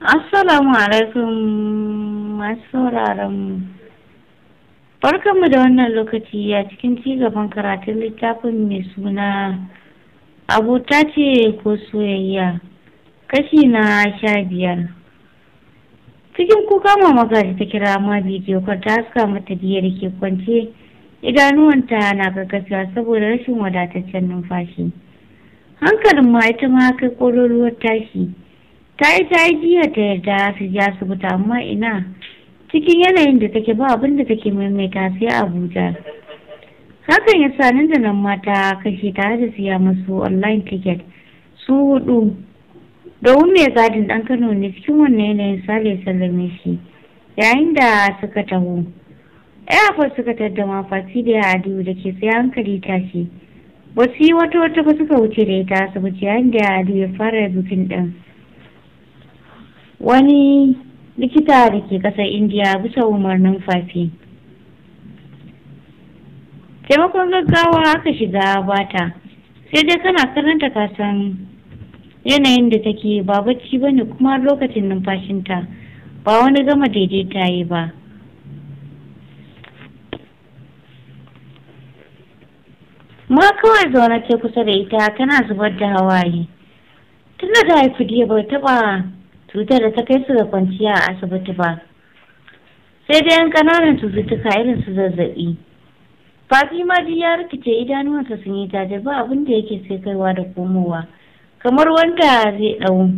Assalamu alaikum masu mu. mu da wannan lokaci a cikin cigaban karatun littafin mai suna abota ce ko soyayya kashi na sha biyar. Cikin kuka mamaka da ta kira ma bidiyo ta haska mata biyar ke kwance idanuwanta na karkasuwa saboda rashin wadataccen numfashi. Hankalin ma ita ma kai ƙololuwar tashi. ta yi ta yi jiya ta yarda su su buta, amma ina cikin yanayin da take ba abin da take maimaita sai abuja hakan ya sa nan da nan mata kashe tare da siya masu online ticket su hudu domin mai gadin dan kano ne cikin wannan yanayin sale sallame shi yayin da suka taho airport suka tadda fati da adiyu da ke tsaye hankali tashi ba su yi wata wata ba suka wuce da ita asibiti yayin da adiyu ya fara bikin din wani likita da ke ƙasar indiya bisa umarnin fafi taimakon gaggawa aka shiga bata sai dai kana karanta kasan yanayin da take ba bacci ba ne kuma lokacin numfashinta ba wani gama daidai ta yi ba ma kawai zaune ce kusa da ita tana zubar da hawaye Tana da ta ba taba cutar da ta kai su ga kwanciya a asibiti ba sai dai yan kananan cututtuka irin su zazzaɓi ma ji ya rikice idanuwansa sun yi ta ba abin da yake sai kaiwa da komowa kamar wanda zai ɗau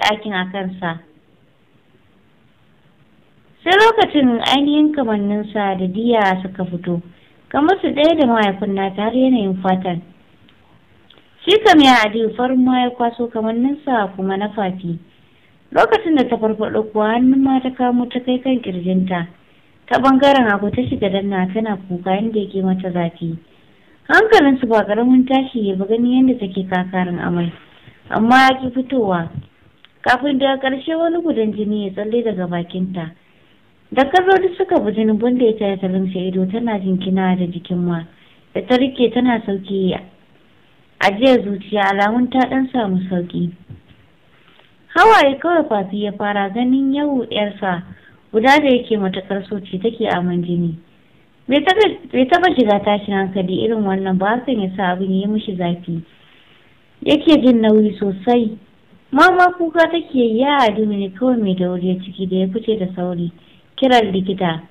ɗakin a kansa sai lokacin ainihin kamanninsa da diya suka fito kamar su ɗaya da mahaifin nata har yanayin fatan shi kam ya adi farin ma ya kwaso kamanninsa kuma na fafi lokacin da ta farfaɗo kuwa hannun ma ta kamo ta kai kan kirjinta ta bangaren abu ta shiga danna tana kuka inda yake mata zafi su ba karamin tashi ya ba gani yadda take kakarin amai amma ya ki fitowa kafin da karshe wani gudan jini ya tsalle daga bakinta da karrodi suka bi jinin banda ya tare ta rinsa ido tana jinkina da jikin ma da ta rike tana sauki ajiyar zuciya alamun ta ɗan samu sauki hawaye kawai fafi ya fara ganin yau yarsa guda da yake matakar soci take aman jini bai taba shiga tashin hankali irin wannan ba hakan ya sa abin ya mishi zafi yake jin nauyi sosai mama kuka take ya adu ne kawai mai dauri ya ciki da ya fice da sauri kiran likita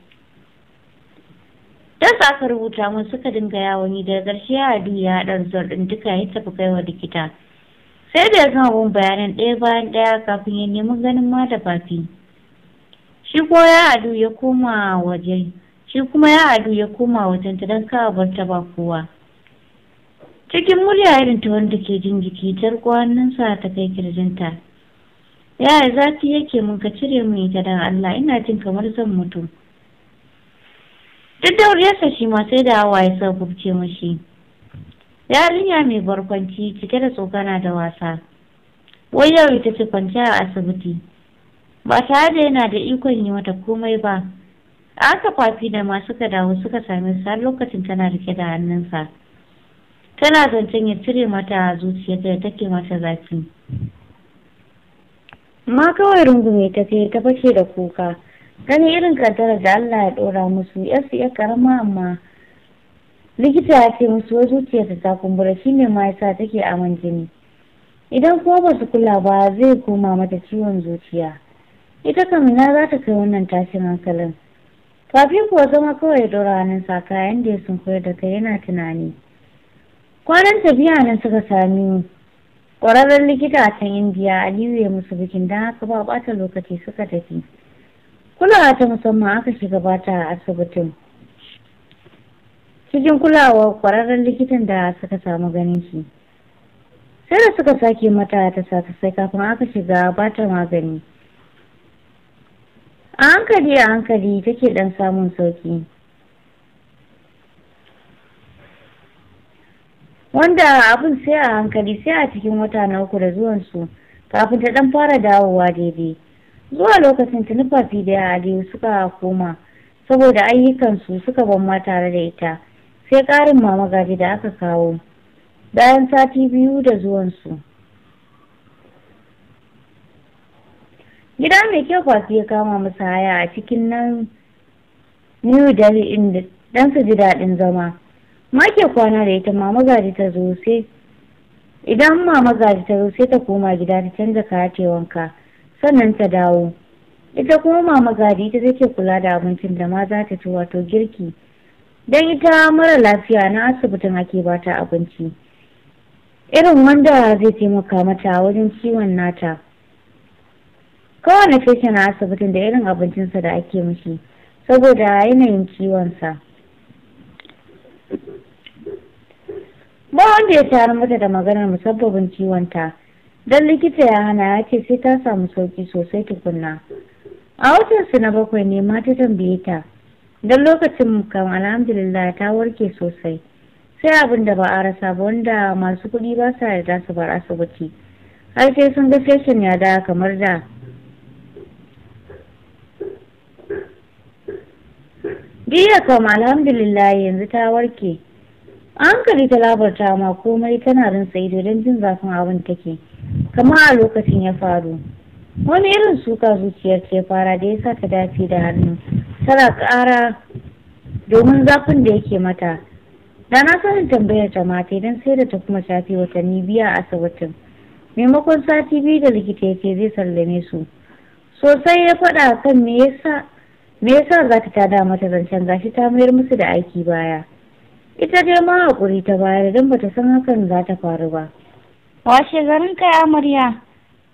dan aka rubuta mun suka dinga yawon yi daga ƙarshe ya adu ya haɗar zuwa duka ya tafi kaiwa likita sai da ya gama bin bayanan ɗaya bayan ɗaya kafin ya nemi ganin ma fafi shi ko ya adu ya koma waje shi kuma ya adu ya koma wajen ta don kawo barta ba kowa cikin murya irin ta wanda ke jin jiki tar ta kai kirjinta yaya zafi yake mun ka cire mu ita don allah ina jin kamar zan mutu duk da wuriyarsa shi ma sai da hawa ya sa kubce mashi. yarinya mai barkwanci cike da tsokana da wasa wai yau ita ce kwanciya a asibiti ba tare da yana da ikon yi mata komai ba aka kwafi da masu suka dawo suka sami su har lokacin tana rike da hannunsa tana zancen ya cire mata a zuciya da take mata zafi ma kawai rungume ta kai ta fashe da kuka gani irin kantar da Allah ya ɗora musu yasu ya karama amma likita ya ce musu wai zuciyarsa ta kumbura ne ma yasa take aman jini idan kuma ba su kula ba zai koma mata ciwon zuciya ita kam ina za ta kai wannan tashin hankalin kafi kuwa zama kawai ya ɗora hannun sa kayan da ya sun koyar da kai yana tunani kwanan tafiya nan suka sami ƙwararren likita a can indiya aliyu ya musu bikin don haka ba ɓata lokaci suka tafi kulawa ta musamman aka shiga bata a asibitin cikin kulawar kwararren likitan da suka samu ganin shi sai da suka sake mata ta sai kafin aka shiga ba magani a hankali a hankali take dan samun sauki wanda abin sai a hankali sai a cikin wata na uku da zuwansu kafin ta dan fara dawowa daidai zuwa lokacin ta da aliyu suka koma saboda ayyukansu suka ban ma tare da ita sai ƙarin mama gaji da aka kawo bayan sati biyu da zuwansu gida mai kyau kwafi ya kama masa haya a cikin nan new delhi inda dan su ji daɗin zama make kwana da ita mama gaji ta zo sai idan mama gaji ta zo sai ta koma gida ta canza kaya wanka sannan ta dawo ita kuma mama gadi ita take kula da abincin da ma za ta ci wato girki don ita mara lafiya na asibitin ake ba ta abinci irin wanda zai taimaka mata wajen ciwon nata kowane fesa na asibitin da irin abincinsa da ake mishi saboda yanayin ciwonsa ba wanda ya tayar mata da maganar musabbabin ciwonta don likita ya hana ya ce sai ta samu sauki sosai tukunna a watansu na bakwai ne mata tambaye ta don lokacin kam alhamdulillah ta warke sosai sai abin da ba a rasa ba wanda masu kuɗi ba sa yarda su bar asibiti har sai sun ga feshin ya da kamar da Biya kam alhamdulillah yanzu ta warke. An hankali ta labarta ma komai tana rinsa ido don jin zafin abin take kama a lokacin ya faru wani irin suka zuciyar ce fara da ya sa ta dafi da hannu tana ƙara domin zafin da yake mata da na sanin tambayar ta mata idan sai da ta kuma shafi watanni biya a asibitin maimakon sati biyu da likita yake zai sallame su sosai ya faɗa kan me yasa me yasa za ta tada mata zancen gashi ta mayar musu da aiki baya ita dai ma hakuri ta bayar don bata san hakan za ta faru ba washe garin kai amarya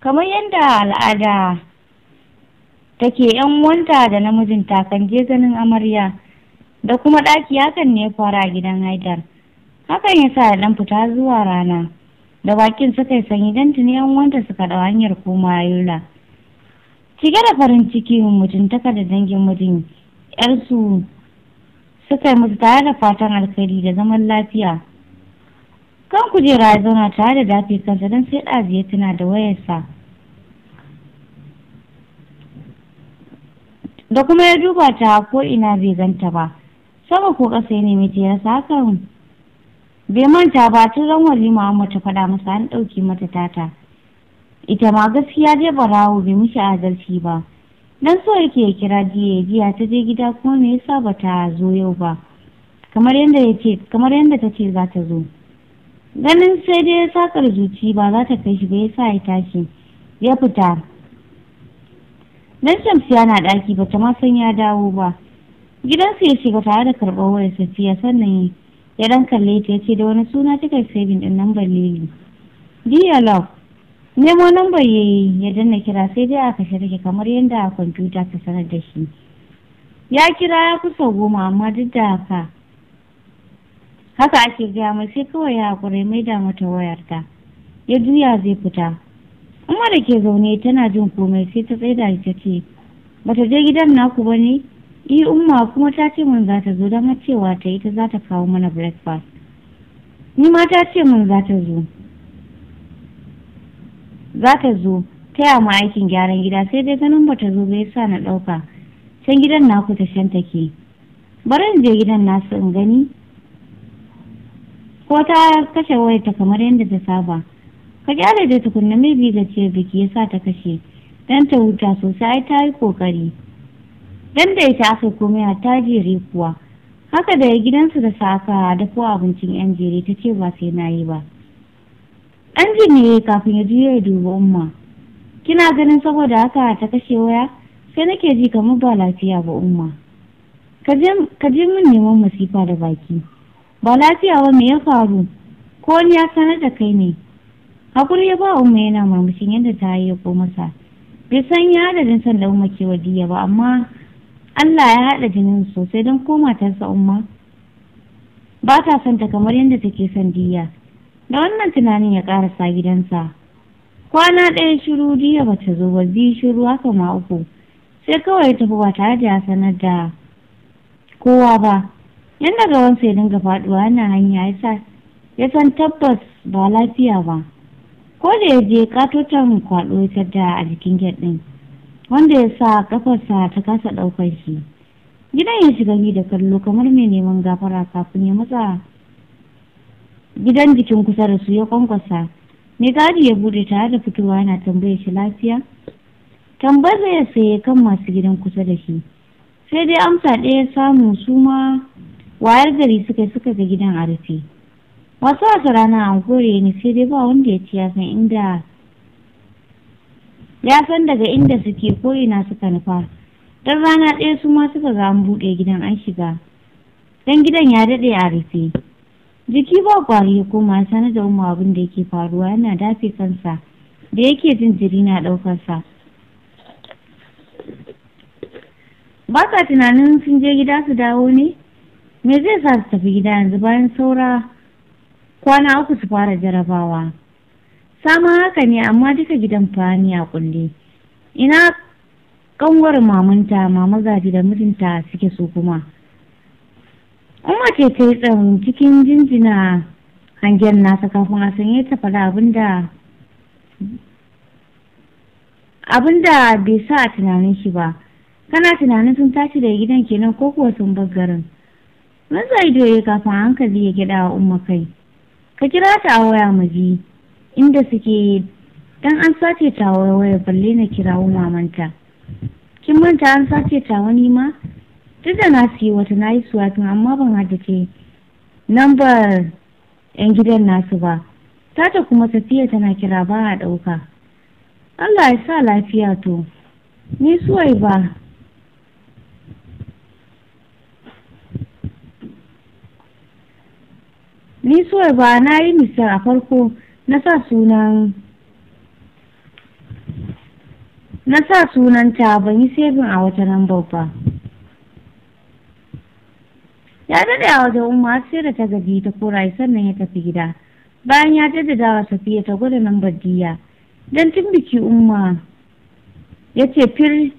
kamar yadda al'ada take yan wanta da namijin kan je ganin amarya da kuma ɗaki hakan ne ya fara a gidan haidar hakan ya sa ɗan fita zuwa rana da bakin suka yi sanyi don tuni yan wanta suka ɗau hanyar koma yola cike da farin ciki taka da dangin mutum, yarsu suka yi musu tare da fatan alkhairi da zaman lafiya kan kujera ya zauna tare da dafi kansa don sai ɗazu ya tuna da wayarsa da kuma ya duba ta ko ina bai ganta ba sama ko ƙasa ya nemi ta ya hakan? bai manta ba tun ran walima amma ta faɗa masa an ɗauki mata tata ita ma gaskiya dai barawo bai mishi adalci ba dan so yake ya kira jiya jiya ta je gida kuma me yasa ba ta zo yau ba kamar yadda ya ce kamar yadda ta ce za ta zo ganin sai dai sakar zuci ba za ta kai shi ba yasa ya tashi ya fita nan shamsu yana ɗaki bata ma san ya dawo ba gidansu ya shiga tare da karɓar wayar safiya sannan ya dan kalle ta ya ce da wani suna kika saving din nan lili dear love nemo nambar ya yi ya danna kira sai dai aka shirke kamar yadda kwamfuta ta sanar da shi ya kira ya kusa goma amma duk da haka haka ake gaya mai sai kawai ya haƙura mai da mata wayarta ya juya zai fita amma da ke zaune tana jin komai sai ta da ta ce bata je gidan naku ba ne? Yi umma kuma ta ce mun za ta zo don cewa ta ita za ta kawo mana breakfast. Ni ma ta ce mun za ta zo. Za ta zo taya mu aikin gyaran gida sai dai ganin bata zo bai sa na ɗauka. Can gidan naku ta shan take. Bari in je gidan nasu in gani ko ta kashe wayarta kamar yadda ta saba. ka gyara da tukunna mai ga gajiyar biki ya sa ta kashe dan ta huta sosai ta yi kokari dan da ita aka komai a ta jere kuwa haka da ya gidansu da saka dafo abincin yan jere ta ce ba sai na yi ba an ne kafin ya juya ya duba umma kina ganin saboda haka ta kashe waya sai nake ji kamar ba lafiya ba umma ka je min neman masifa da baki ba lafiya ba me ya faru ko ni ya sanar da kai ne hakuri ya ba umma yana murmushin yadda ta yi ko masa bai san ya jin san da umma ke wadiya ba amma Allah ya haɗa jinin sosai don ko matarsa umma ba ta son ta kamar yadda take son diya da wannan tunanin ya ƙarasa gidansa kwana ɗaya shiru diya ba ta zo ba biyu shiru haka ma uku sai kawai ya tafi ba tare da ya sanar da kowa ba yadda gawansa ya dinga faɗuwa yana hanya ya san tabbas ba lafiya ba ko da ya je katotan kwaɗo ta da a jikin gate ɗin wanda ya sa kafarsa ta kasa ɗaukar shi gidan ya shiga ni da kallo kamar mai neman gafara kafin ya matsa gidan jikin kusa da su ya kwankwasa mai gadi ya bude tare da fitowa yana tambayar shi lafiya tambayar ya saye kan masu gidan kusa da shi sai dai amsa ɗaya samu su ma wayar gari suka suka ga gidan a rufe wasu wasu rana an gore ne sai dai ba wanda ya ci ya san inda ya san daga inda suke koyi na suka nufa don rana ɗaya su ma suka ga an buɗe gidan an shiga don gidan ya daɗe a rufe jiki ba ƙwari ya koma sanar da umma abin da yake faruwa yana dafe kansa da yake jin jiri na ɗaukarsa ba ka tunanin sun je gida su dawo ne me zai sa su tafi gida yanzu bayan saura kwana uku su fara jarabawa sama haka ne amma duka gidan fani a kulle ina kangwar mamunta mama zafi da mijinta suke so kuma Umma ce ta yi cikin jinjina hangen nasa kafin a sanye ta faɗa abinda abinda bai sa a tunanin shi ba kana tunanin sun tashi daga gidan kenan ko kuwa sun bar garin. Maza ido kafin hankali ya gyaɗa wa umma kai. ka kira ta a waya mu ji inda suke yi dan an sace ta waya balle na wa mamanta kin manta an sace ta wani ma duk da na siya wata na yi suwatin amma ban nan nambar yan gidan nasu ba tata kuma tafiya tana kira ba a ɗauka Allah ya sa lafiya to ni suwai ba ni suwar ba na yi mista a farko na sa sunan na sa sunanta ban yi sebin a wata nan ba ya daɗe a wajen umma sai da ta gaji ta koraye sannan ya tafi gida bayan ya jaddada wa safiya ta gwada nan diya don tun biki umma ya ce fir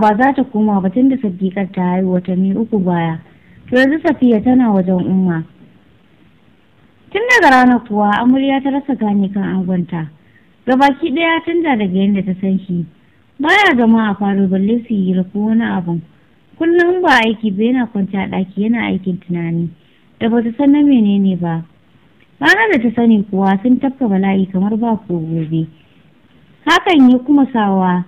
ba za ta koma ba tun da sadiƙar ta haihu watanni uku baya yanzu safiya tana wajen umma tun daga rana kuwa amarya ta rasa gane kan angonta gabaki ɗaya tun da daga yadda ta san shi baya zama a faru balle su yi rafi wani abun kullum ba aiki ba yana kwanta a ɗaki yana aikin tunani da ba ta san na menene ba ranar da ta sani kuwa sun tafka bala'i kamar ba ko gobe hakan ya kuma sawa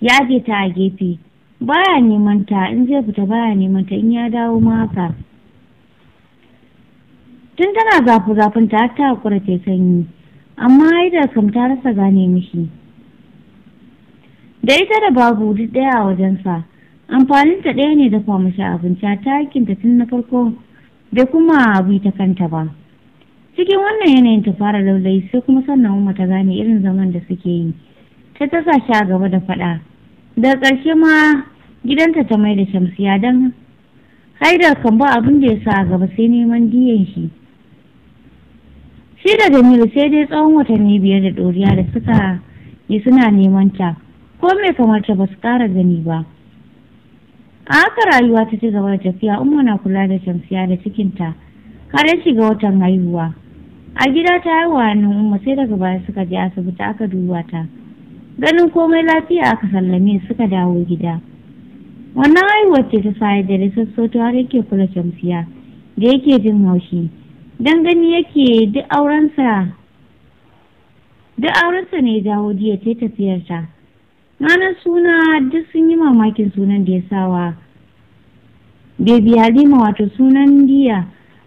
ya ta a gefe baya neman ta in zai fita baya neman ta in ya dawo ma haka tun tana zafi zafin ta ta hakura ta sanyi amma da kam ta rasa gane mishi da ita da babu duk ɗaya a wajensa amfaninta ɗaya ne dafa mashi abinci a takinta tun na farko bai kuma abu ta kanta ba cikin wannan yanayin ta fara laulayi sai kuma sannan umma ta gane irin zaman da suke yi ta tasa shi a gaba da faɗa da ƙarshe ma gidanta ta mai da shamsiya don haidar kan ba abin da ya sa a gaba sai neman diyan shi shi da jamilu sai dai tsawon watanni biyar da ɗoriya da suka yi suna neman ta ko mai kamar ta ba su ƙara gani ba a haka rayuwa ta ci gaba da tafiya umma na kula da shamsiya da cikinta har ya shiga watan haihuwa a gida ta haihuwa hannun umma sai daga baya suka je asibiti aka duba ta ganin komai lafiya aka sallame suka dawo gida wannan haihuwar ce ta sayar da risassoto har yake kula shamsiya da yake jin haushi don gani yake duk aurensa duk aurensa ne jawo jiya ta tafiyarta ranar suna duk sun yi mamakin sunan da ya sawa Baby halima wato sunan diya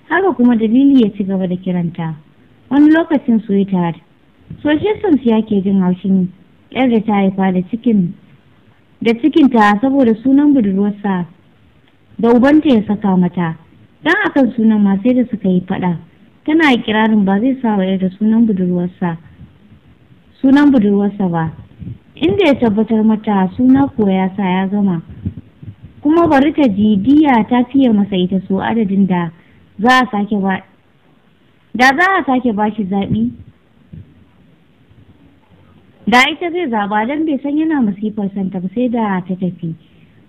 haka kuma dalili ya ci gaba da kiranta wani lokacin sweetheart sosai samsiya ke jin haushin. yar da ta haifa da cikin da cikinta saboda sunan budurwarsa da ubanta ya saka mata dan akan sunan ma sai da suka yi fada tana ikirarin ba zai sa wa da sunan budurwarsa sunan budurwarsa ba inda ya tabbatar mata suna ko ya sa ya gama kuma bari ta ji ta fiye masa ita so adadin da za a sake ba da za a sake ba shi zaɓi da ita zai zaba don bai san yana masifar santa ba sai da ta tafi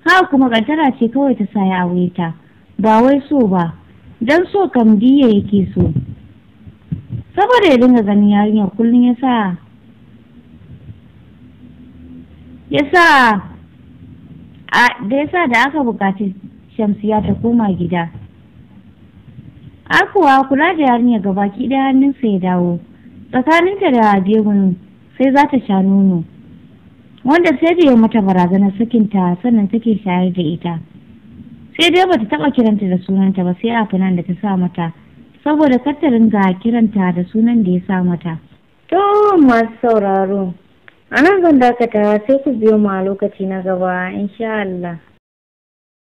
Haka kuma kantara ce kawai ta saya a aure ta ba wai so ba don so kam biya yake so saboda ya dinga ganin yarinya kullum ya sa ya sa da ya sa da aka bukaci shamsiya ta koma gida akuwa kula da yarinya gabaki ɗaya hannunsa ya dawo tsakaninta da jegun sai za ta sha nono wanda sai da ya mata barazanar sakinta sannan take shayar da ita sai dai bata taba kiranta da sunanta ba sai nan da ta sa mata saboda kar ta ringa kiranta da sunan da ya sa mata to masu sauraro a nan zan dakata sai ku biyo mu lokaci na gaba insha Allah